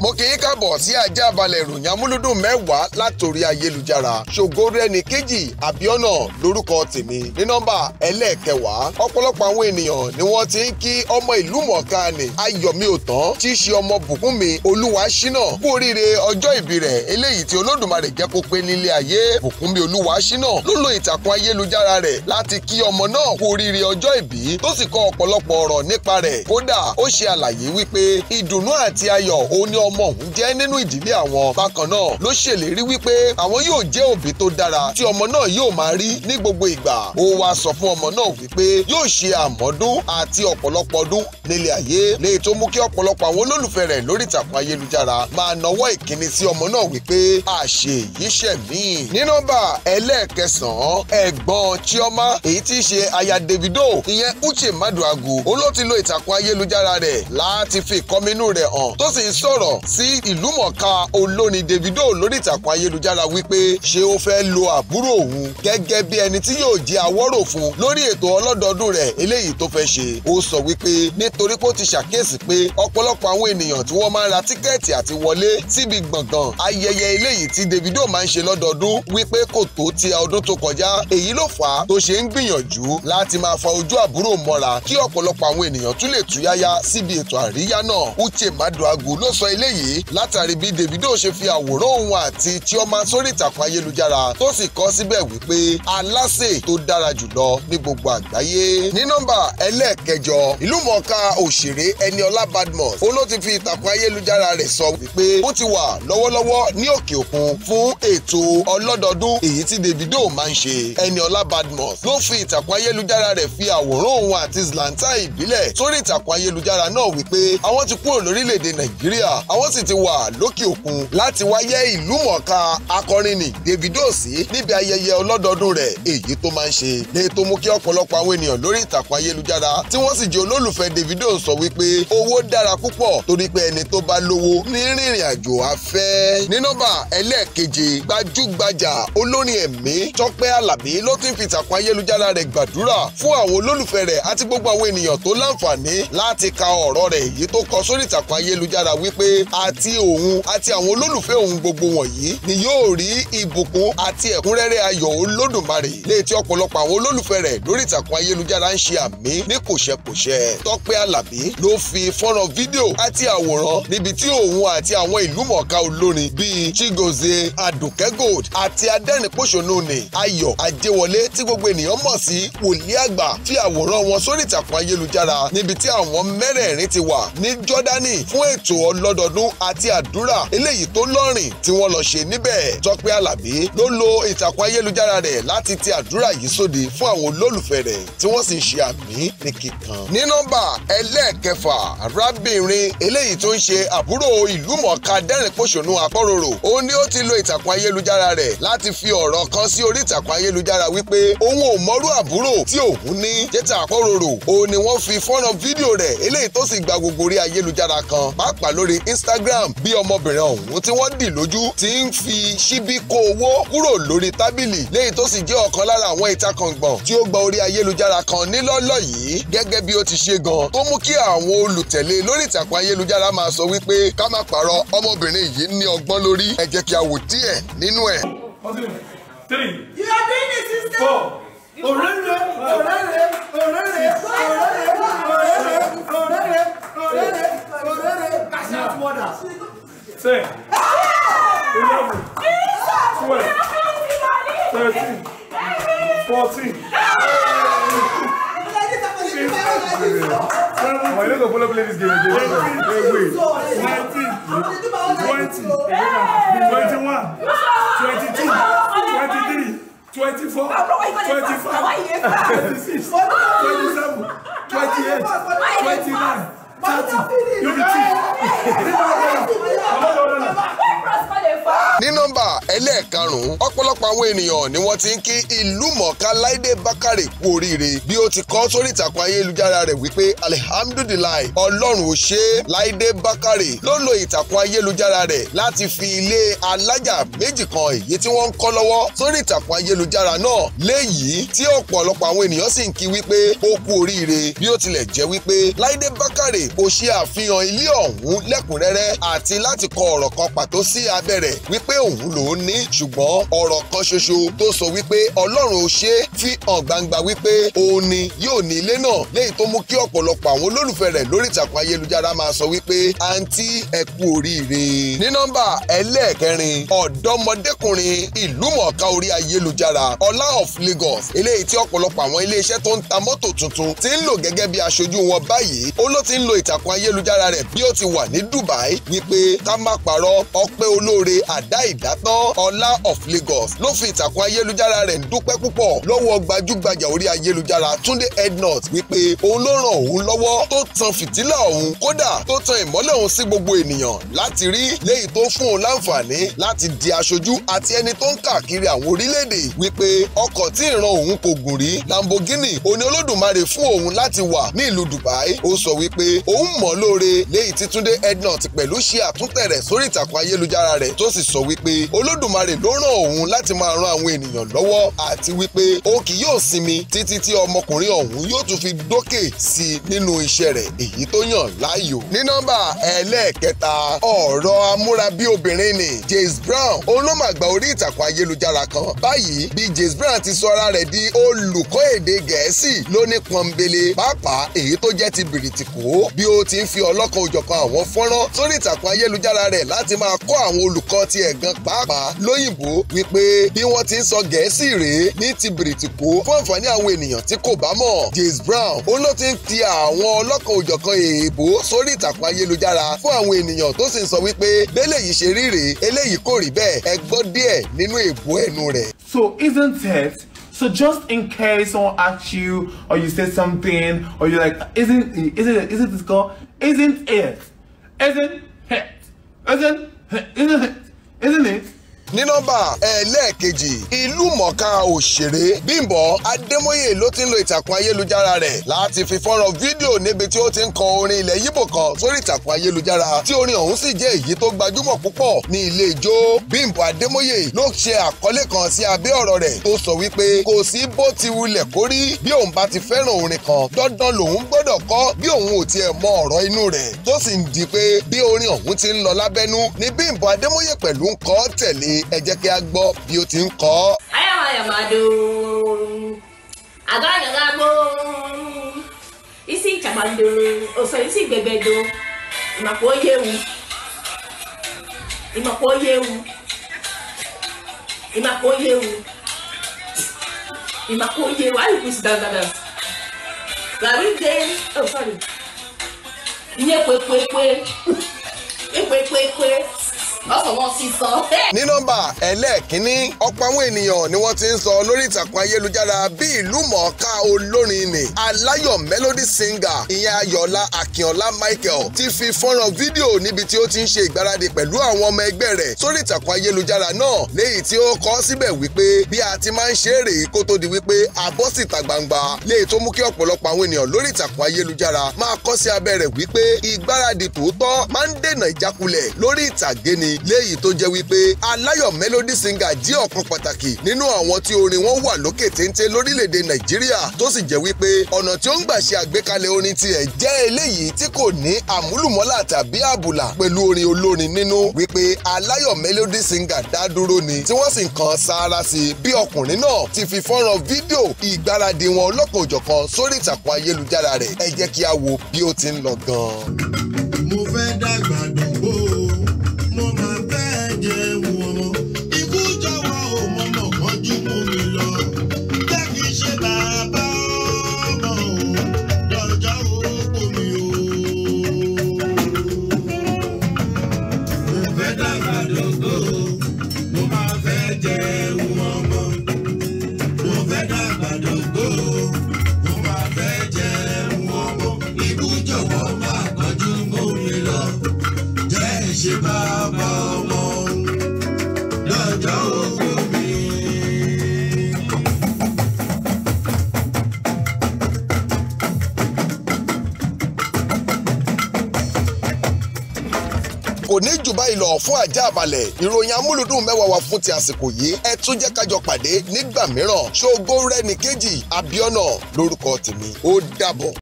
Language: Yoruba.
mo kì í káàbọ̀ sí ajá balẹ̀ ìròyìn amúlùdùn mẹ́wàá látòrí ayélujára ṣògo rẹni kejì àbíọ́nà lórúkọ tèmi ní nọ́mbà ẹlẹ́ẹ̀kẹwàá ọ̀pọ̀lọpọ̀ àwọn ènìyàn ni wọ́n ti ń kí ọmọ ìlú mọ̀ọ́ká nì ayọ̀mí òtán tí í ṣe ọmọ bùkúnmi olúwaṣínà kú oríire ọjọ́ ìbí rẹ̀ eléyìí tí olódùmarè jẹ́ kó pé nílé ayé bùkúnmi olúwaṣínà ló lo ìtàkùn ayélujára rẹ̀ láti kí ọmọ náà kú oríire ọjọ́ ìbí tó sì kọ ọmọ òun jẹ́ nínú ìdílé àwọn bákan náà ló ṣèlérí wípé àwọn yóò jẹ́ òbí tó dára tí ọmọ náà yóò máa rí ní gbogbo ìgbà ó wá sọ fún ọmọ náà wípé yóò ṣe àmọ́dún àti ọ̀pọ̀lọpọ̀ ọdún nílé ayé léyìí tó mú kí ọ̀pọ̀lọpọ̀ àwọn olólùfẹ́ rẹ̀ lórí ìtàkùn ayélujára máa nawọ́ ìkíni sí ọmọ náà wípé àṣe yìí ṣẹ̀ mí. ní nọ́mbà ẹlẹ́ẹ̀kẹsàn-án ẹ̀gbọ́n Chioma èyí tí í ṣe aya Davido ìyẹn Uche Maduagu ó ló lo ìtàkùn ayélujára rẹ̀ láti fi ìkọminú rẹ̀ hàn tó sì ń sọ̀rọ̀ sọ̀rọ̀ sí ìlúmọ̀ọ́ká olórin Davido lórí ìtàkùn ayélujára wípé ṣé ó fẹ́ lo àbúrò òun gẹ́gẹ́ bí ẹni tí yóò jẹ́ àwọ́rò fún lórí ètò ọlọ́dọọdún rẹ̀ eléyìí tó fẹ́ ṣe ó sọ wípé nítorí pé ó ti ṣàkíyèsí pé ọ̀pọ̀lọpọ̀ àwọn ènìyàn tí wọ́n máa ń ra tíkẹ́ẹ̀tì àti wọlé síbi gbọ̀ngàn ayẹyẹ eléyìí tí Davido máa ń ṣe lọ́dọọdún wípé kò tó ti ọdún tó kọjá èyí ló fà á tó ṣe ń gbìyànjú láti máa fa ojú àbúrò mọ́ra kí ọ̀pọ̀lọpọ̀ àwọn ènìyàn tún lè túyáyá síbi ètò àríyá náà Uche Maduagu ló sọ ilé eléyìí látàrí bí Davido ṣe fi àwòrán òun àti Chioma sórí ìtàkùn ayélujára tó sì kọ síbẹ̀ wípé aláṣẹ tó dára jùlọ ní gbogbo àgbáyé. ní nọ́mbà ẹlẹ́ẹ̀kẹjọ ìlúmọ̀ọ́ká òṣèré eniola Badmus ó ló ti fi ìtàkùn ayélujára rẹ̀ sọ wípé ó ti wà lọ́wọ́lọ́wọ́ ní òkè òkun fún ètò ọlọ́dọọdún èyí tí Davido máa ń ṣe Ẹniọlá Badmus ló fi ìtàkùn ayélujára rẹ̀ fi àwòrán òun àti zlanta ìbílẹ̀ sórí ìtàkùn ayélujára náà wípé àwọn ti kúrò lórílẹ̀‐èdè Nàìjíríà àwọn sì ti wà lókè òkun láti wáyé ìlú mọ̀ọ́ká akọrin ní Davido sí níbi ayẹyẹ ọlọ́dọọdún rẹ̀ èyí tó máa ń ṣe lè tó mú kí ọ̀pọ̀lọpọ̀ àwọn ènìyàn lórí ìtàkùn ayélujára tí wọ́n sì jẹ́ olólùfẹ́ Davido sọ wípé owó dára púpọ̀ torí pé ẹni tó bá lówó ní rìnrìn àjò afẹ́. ní nọ́mbà ẹlẹ́ẹ̀keje gbajúgbajà olórin ẹ̀mí Tọ́pẹ́ Àlàbí ló ti fi ìtàkùn ayélujára rẹ̀ gbàdúrà fún àwọn olólùfẹ́ rẹ̀ àti gbogbo àwọn ènìyàn tó láǹfààní láti ka ọ̀rọ̀ rẹ̀ èyí tó kọ sórí ìtàkùn ayélujára wípé àti òun àti àwọn olólùfẹ́ òun gbogbo wọ̀nyí ni yóò rí ìbùkún àti ẹ̀kúnrẹ́rẹ́ ayọ̀ olódùmarè léètí ọ̀pọ̀lọpọ̀ àwọn olólùfẹ́ rẹ̀ lórí ìtàkùn ayélujára ń ṣe àmì ní kòṣẹ́kòṣẹ́ tọ́pẹ́ alábí ló fi fọ́nrán fídíò àti àwòrán níbi tí òun àti àwọn ìlúmọ̀ọ́ká olórin bíi chigozie aduke gold àti adẹ́rìnpòṣónú ni ayọ̀ ajẹ́wọlé tí gbogbo ènìyàn mọ̀ sí wòlíì àgbà fi àwòrán wọn sórí ìtàkùn ayélujára níbi tí àwọn mẹ́rẹ̀ẹ̀rin ti wà ní jọ́dánì fún ètò ọlọ́dọọd ọdún àti àdúrà eléyìí tó lọ́rìn tí wọ́n lọ ṣe níbẹ̀ Tọ́pẹ́ Àlàbí ló lo ìtàkùn ayélujára rẹ̀ láti ti àdúrà yìí sóde fún àwọn olólùfẹ́ rẹ̀ tí wọ́n sì ṣe àmì ní kíkan. ní nọ́mbà ẹlẹ́ẹ̀kẹfà arábìnrin eléyìí tó ń ṣe àbúrò ìlú mọ̀ọ́ká dẹ́rìn-pọ̀ṣọ́nù àpọ́ròrò òun ni ó ti lo ìtàkùn ayélujára rẹ̀ láti fi ọ̀rọ̀ kan sí orí ìtàkùn ayélujára wípé òun ò mọ́rú àbúrò tí òun ní jẹ́ta àpọ́ròrò òun ni wọ́n fi fọ́nrán fídíò rẹ̀ eléyìí tó sì gba gbogbo orí ayélujára kan pàápàá lórí Instagram Instagram bí ọmọbìnrin ọ̀hún tí wọ́n dì lójú ti ń fi ṣíbí kó owó kúrò lórí tábìlì léyìí tó sì jẹ́ ọ̀kan lára àwọn ìtakàngbọ̀n tí ó gba orí ayélujára kan nílọ́lọ́ yìí gẹ́gẹ́ bí ó ti ṣe gan tó mú kí àwọn olùtẹ̀lé lórí ìtàkùn ayélujára máa sọ wípé ká má parọ́ ọmọbìnrin yìí ní ọgbọ́n lórí ẹ jẹ́ kí a wò díẹ̀ nínú ẹ̀. three. you are doing it sister. four not murder. Ten. Eleven. Twelve. Thirteen. Fourteen. Oh, I don't know play this game again. Nineteen, twenty, twenty-one, twenty-two, twenty-three, twenty-four, twenty-five, twenty-six, twenty-seven, twenty-eight, twenty-nine. But you don't finish. You be ní nọ́mbà ẹlẹ́ẹ̀karùn-ún àwọn ènìyàn ni wọ́n ti ń kí ìlú mọ̀ọ́ká Láìdé Bákàrè kú oríire bí ó ti kọ sórí ìtàkùn ayélujára rẹ̀ wípé alihamudulilayi ọlọ́run ò ṣe é Láìdé Bákàrè ló lo ìtàkùn ayélujára rẹ̀ láti fi ilé alájà méjì kan èyí tí wọ́n ń kọ́ lọ́wọ́ sórí ìtàkùn ayélujára náà léyìí tí ọ̀pọ̀lọpọ̀ àwọn ènìyàn sì ń kí wípé ó kú oríire bí ó tilẹ̀ jẹ́ wípé Láìdé Bákàrè kò ṣe àfihàn ilé ọ̀hún lẹ́kùnrẹ́rẹ́ àti láti kọ ọ̀rọ̀ kan pàtó sí abẹ́ bẹ̀rẹ̀ wípé òun lòún ní ṣùgbọ́n ọ̀rọ̀ kan ṣoṣo tó sọ wípé ọlọ́run ò ṣe fi hàn gbangba wípé òun ni yóò ní ilé náà léyìí tó mú kí ọ̀pọ̀lọpọ̀ àwọn olólùfẹ́ rẹ̀ lórí ìtàkùn ayélujára máa sọ wípé àǹtí ẹ kú oríire. ní nọ́mbà ẹlẹ́ẹ̀kẹrin ọ̀dọ́mọdékùnrin ìlúmọ̀ọ́ká orí ayélujára ọlá of Lagos eléyìí tí ọ̀pọ̀lọpọ̀ àwọn iléeṣẹ́ tó ń ta mọ́tò tuntun ti ń lò gẹ́gẹ́ bí aṣojú wọn báyìí ó ló ti ń lo ìtàkùn ayélujára rẹ̀ bí ó ti wà ní Dubai wípé ká má parọ́ ọpẹ́ olóore olóore àdá ìdátọ́ ọlá of Lagos ló fi ìtàkùn ayélujára rẹ̀ dúpẹ́ púpọ̀ lọ́wọ́ gbajúgbajà orí ayélujára Túndé Ednut wípé òun ló ràn òun lọ́wọ́ tó tan fìtílà òun kódà tó tan ìmọ́lẹ̀ òun sí gbogbo ènìyàn láti rí léyìí tó fún òun láǹfààní láti di aṣojú àti ẹni tó ń káàkiri àwọn orílẹ̀-èdè wípé ọkọ̀ tí ìran òun kò gùn rí Lamborghini òní olódùmarè fún òun láti wà ní ìlú Dubai ó sọ wípé òun mọ̀ lóore léyìí tí Túndé Ednut pẹ̀lú ṣe àtúntẹ̀rẹ̀ sórí ìtàkùn ayélujára rẹ̀ tó sì sọ wípé olódùmarè ló ràn òun láti máa ran àwọn ènìyàn lọ́wọ́ àti wípé òun kì yóò sinmi títí tí ọmọkùnrin ọ̀hún yóò tún fi dókè sí i nínú iṣẹ́ rẹ̀ èyí tó yàn láàyò. ní nọ́mbà ẹlẹ́ẹ̀kẹta ọ̀rọ̀ amúrabí ni James Brown òun ló mà gba orí ìtàkùn ayélujára kan báyìí bí James Brown ti sọ ara rẹ̀ di olùkọ́ èdè gẹ̀ẹ́sì ló ní pọ́nbélé pàápàá èyí tó jẹ́ ti bìrìtìkó bí ó ti ń fi ọlọ́kan òjọ̀kan àwọn fọ́nrán sórí ìtàkùn ayélujára rẹ̀ láti máa kọ́ àwọn olùk orúkọ tiẹ̀ gan pàápàá lóyìnbó wípé bí wọ́n ti ń sọ gẹ̀ẹ́sì rèé ní ti bìrìtìkó fún àǹfààní àwọn ènìyàn tí kò bá mọ̀ James Brown òun ló ti ń ti àwọn ọlọ́kan òjọ̀kan èèbó sórí ìtàkùn ayélujára fún àwọn ènìyàn tó sì ń sọ wípé bẹ́lẹ̀ yìí ṣe rí rèé eléyìí kò rí bẹ́ẹ̀ ẹ gbọ́ díẹ̀ nínú èèbó ẹnu rẹ̀. So isn't it? So just in case someone asks you or you say something or you like, isn't isn't isn't this called? Isn't it? Isn't it? Isn't is not it? Isn't it? ní nọ́mbà ẹlẹ́ẹ̀kejì ìlú mọ̀ká òṣèré Bímbọ́ Adémóyè ló ti ń lo ìtàkùn ayélujára rẹ̀ láti fi fọ́nrán fídíò níbi tí ó ti ń kọ orin ilẹ̀ Yíbò kan sórí ìtàkùn ayélujára tí orin ọ̀hún sì jẹ́ èyí tó gbajúmọ̀ púpọ̀ ní ilé ijó Bímbọ́ Adémóyè ló ṣe àkọlé kan sí abẹ́ ọ̀rọ̀ rẹ̀ tó sọ wípé kò sí bó ti wulẹ̀ kórí bí òun bá ti fẹ́ràn orin kan dandan lòun gbọ́dọ̀ kọ bí òun ò tiẹ̀ mọ ọ̀rọ̀ inú rẹ̀ tó sì ń di pé bí orin ọ̀hún ti ń lọ lábẹ́nú ni Bímbọ́ Adémóyè pẹ̀lú ń kọ tẹ̀lé ẹ jẹ́ kí a gbọ́ bí ó ti ń kọ ọ́. ayọ̀mọ̀ ayọ̀mọ̀ àdó àgọ́ àyọ̀gá gbó isi ìjàgbàdo òsò isi ìgbẹ̀gbẹ̀do ìmọ̀pọ̀ yéwu ìmọ̀pọ̀ yéwu ìmọ̀pọ̀ yéwu ìmọ̀pọ̀ yéwu àyùkú sí dandandan làrí dé ọ̀ oh, sọ́ọ̀rì ìyẹn pépépé pépépé ọ̀sọ̀wọ́n ti sọ. ní nọ́mbà ẹlẹ́ẹ̀kínní ọ̀pọ̀ àwọn ènìyàn ni wọ́n ti ń sọ lórí ìtàkùn ayélujára bí ìlú mọ̀ọ́ká olórin nì aláyọ̀ melody singer ìyẹn ayọ̀ọ́lá akínọ́lá michael ti fi fọ́nrán fídíò níbi tí ó ti ń ṣe ìgbáradì pẹ̀lú àwọn ọmọ ẹgbẹ́ rẹ̀ sórí ìtàkùn ayélujára náà léyìí tí ó kọ síbẹ̀ wípé bí a ti máa ń ṣe èrè kó tó di wípé a bọ́ síta gbangba léyìí tó mú kí ọ̀pọ̀lọpọ̀ àwọn ènìyàn lórí ìtàkùn ayélujára máa kọ sí abẹ́ rẹ̀ wípé ìgbáradì tòótọ́ máa ń dènà orin léyìí tó jẹ́ wípé aláyọ̀ melody singer jẹ́ ọ̀kan pàtàkì nínú àwọn tí orin wọn wà lókè téńté lórílẹ̀‐èdè nàìjíríà tó sì jẹ́ wípé ọ̀nà tí ó ń gbà ṣe àgbékalẹ̀ orin tiẹ̀ jẹ́ eléyìí tí kò ní àmúlùmọ́là tàbí àbùlà pẹ̀lú orin olórin nínú wípé aláyọ̀ melody singer dá dúró ni tí wọ́n sì ń kan sáárá sí i bí ọkùnrin náà ti fi fọ́nrán fídíò ìgbáradì wọn lọ́kọ̀ọ̀jọ̀kan sórí ìtàkùn ayélujára rẹ̀ wo bí ó ti ń lọ gan kò ní jù báyìí lọ fún ajá balẹ̀ ìròyìn amúlùdùn mẹ́wàá wa fún ti àsìkò yìí ẹ tún jẹ́ kájọ pàdé nígbà mìíràn ṣògo rẹ́nìkejì Abíọ́nà lórúkọ tèmi ó dàbọ̀.